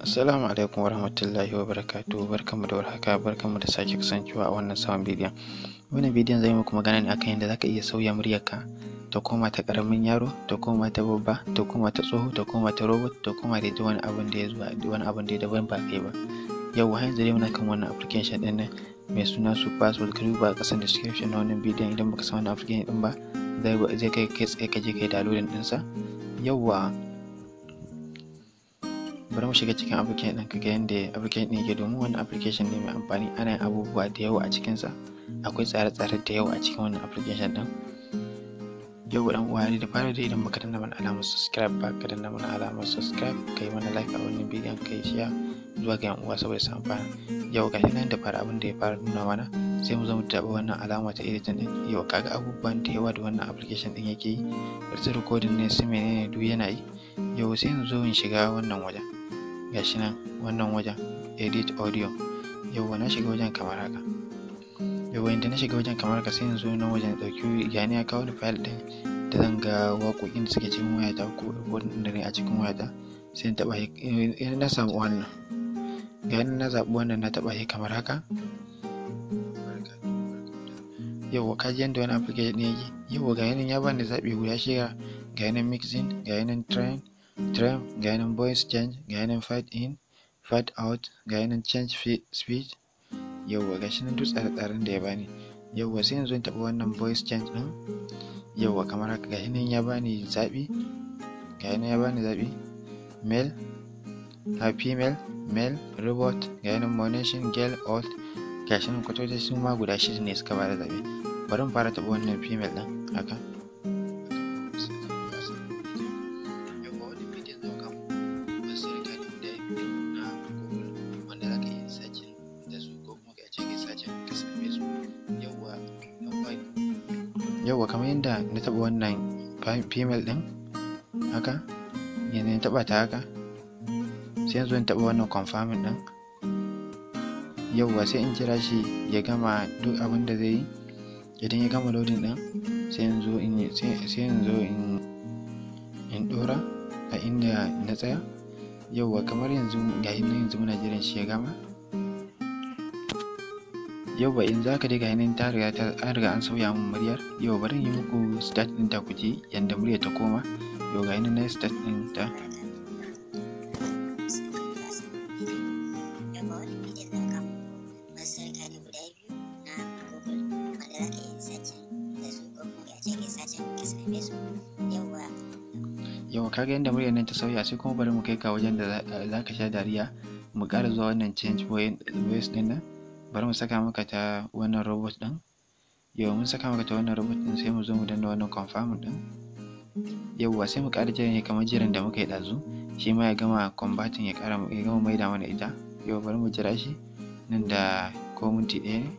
Assalamu alaikum warahmatullahi wabarakatuh barkanmu da warhaka barkanmu da sake kasancewa a wannan sabon bidiyon. Wannan bidiyon zai muku magana ne akan yadda zaka iya sauya muryarka ta koma ta karamin yaro, ta koma ta babba, ta koma ta tsoho, ta koma ta robot, ta koma da duk wani abin da ya zuwa wani abin da daban ba kai ba. Yau har yanzu dai muna kan wannan application din nan mai suna su password Crew ba kasan description na wannan bidiyon idan baka san wannan application din ba zai kai kai tsaye kaje kai download din sa. Yauwa bari mu shiga cikin application ɗin kaga yadda application ɗin yake domin wannan application ne mai amfani ana yin abubuwa da yawa a cikinsa akwai tsare-tsare da yawa a cikin wannan application ɗin yau dan uwa da fara dai idan baka danna mana alamar subscribe ba ka danna mana alamar subscribe ka yi mana like a wannan bidiyon ka yi share zuwa ga yan uwa saboda su amfana yau ga nan da fara abin da ya fara nuna mana sai mu zama taɓa wannan alama ta editing ɗin yau kaga abubuwan da yawa da wannan application ɗin yake yi recording ne su menene duk yana yi yau sai mu zo in shiga wannan wajen gashi nan wannan wajen edit audio yauwa na shiga wajen kamar haka yauwa inda na shiga wajen kamar haka sai yanzu na wajen ɗauki gani ya kawo da file ɗin da zan ga waƙoƙin da suke cikin wayata ko waɗanda ne a cikin wayata sai eh, na taɓa na samu wannan gani na zaɓi wannan na taɓa shi kamar haka yauwa ka ji yadda wani application ke yake yauwa ga yanin ya bani zaɓi guda shiga ga yanin mixing ga yanin train trump ga voice change, ga fight fade in, fade out, ga change speed. Yawwa ga shi nan duk tsare-tsaren da ya bani. Yawwa sai yanzu in taɓa wannan voice change ɗin. Yawwa kamar haka ga nan ya bani zaɓi. Ga nan ya bani zaɓi. Male, a female, male, robot, ga nan monation, girl, old. Ga shi nan kwatoci su ma guda shida ne suka bada zaɓi. Bari mu fara taɓa wannan female ɗin haka. yauwa kamar yadda na taɓa wannan female ɗin haka yanzu na taɓa ta haka sai yanzu na taɓa wannan confirming ɗin yauwa sai in jira shi ya gama duk abin da zai yi idan ya gama loading ɗin sai yanzu in in in ɗora a inda na tsaya yauwa kamar yanzu ga yanzu muna jiran shi ya gama yau ba in zaka dai ga hinin ta riga ta an riga an sauya mun muryar yau bari yi muku start din ta kuji yanda murya ta koma yau ga hannun na start din ta yau kaga yadda muryar nan ta sauya sai kuma bari mu kai ka wajen da za ka sha dariya mu ƙara zuwa wannan change voice din nan bari mu saka maka ta wannan robot ɗin yau mun saka maka ta wannan robot ɗin sai mu zo mu danna wannan confirm ɗin yauwa sai mu ƙara jiran ya kamar jiran da muka yi ɗazu shi ma ya gama combating ya ƙara ya gama maida mana ita yau bari mu jira shi nan da ko minti ɗaya ne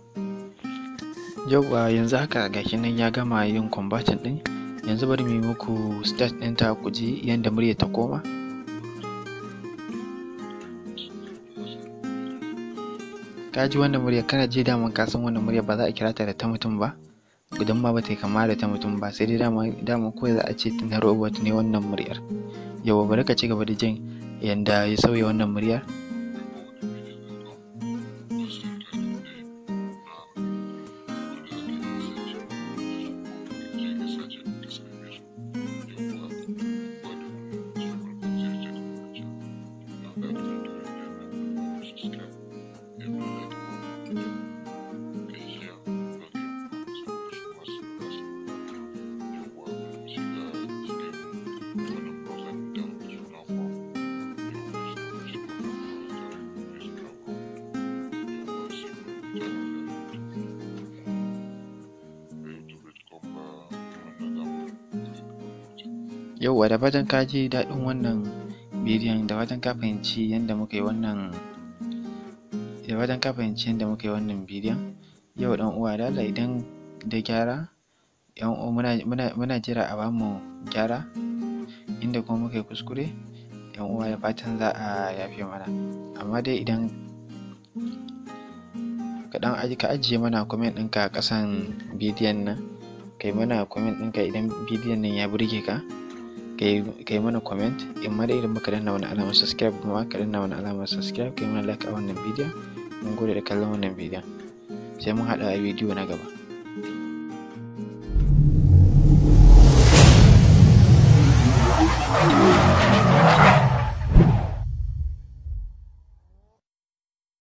yauwa yanzu haka gashi nan ya gama yin combating din yanzu bari mu yi muku stat ta ku ji yadda murya ta koma ka ji wannan murya kana je daman ka san wannan murya ba za a kira ta da ta mutum ba gudan ma ba ta kama da ta mutum ba sai dai dama ko za a ce na robot ne wannan muryar yawa bari ka ci gaba da jin yanda ya sauya wannan muryar yauwa da fatan ka ji daɗin wannan bidiyon da fatan ka fahimci yadda muka yi wannan da fatan ka fahimci yadda muka yi wannan bidiyon yau dan uwa Allah idan da gyara yan uwa muna jira a bamu gyara inda kuma muka yi kuskure yan uwa da fatan za a yafe mana amma dai idan ka dan ka ajiye mana comment ɗinka a ƙasan bidiyon nan kai mana comment ɗinka idan bidiyon nan ya burge ka ka yi mana comment in ma irin idan danna wani alamar subscribe kuma ka danna wani alamar subscribe ka yi mana like a wannan bidiyon mun gode da kallon wannan bidiyon sai mun haɗa a bidiyo na gaba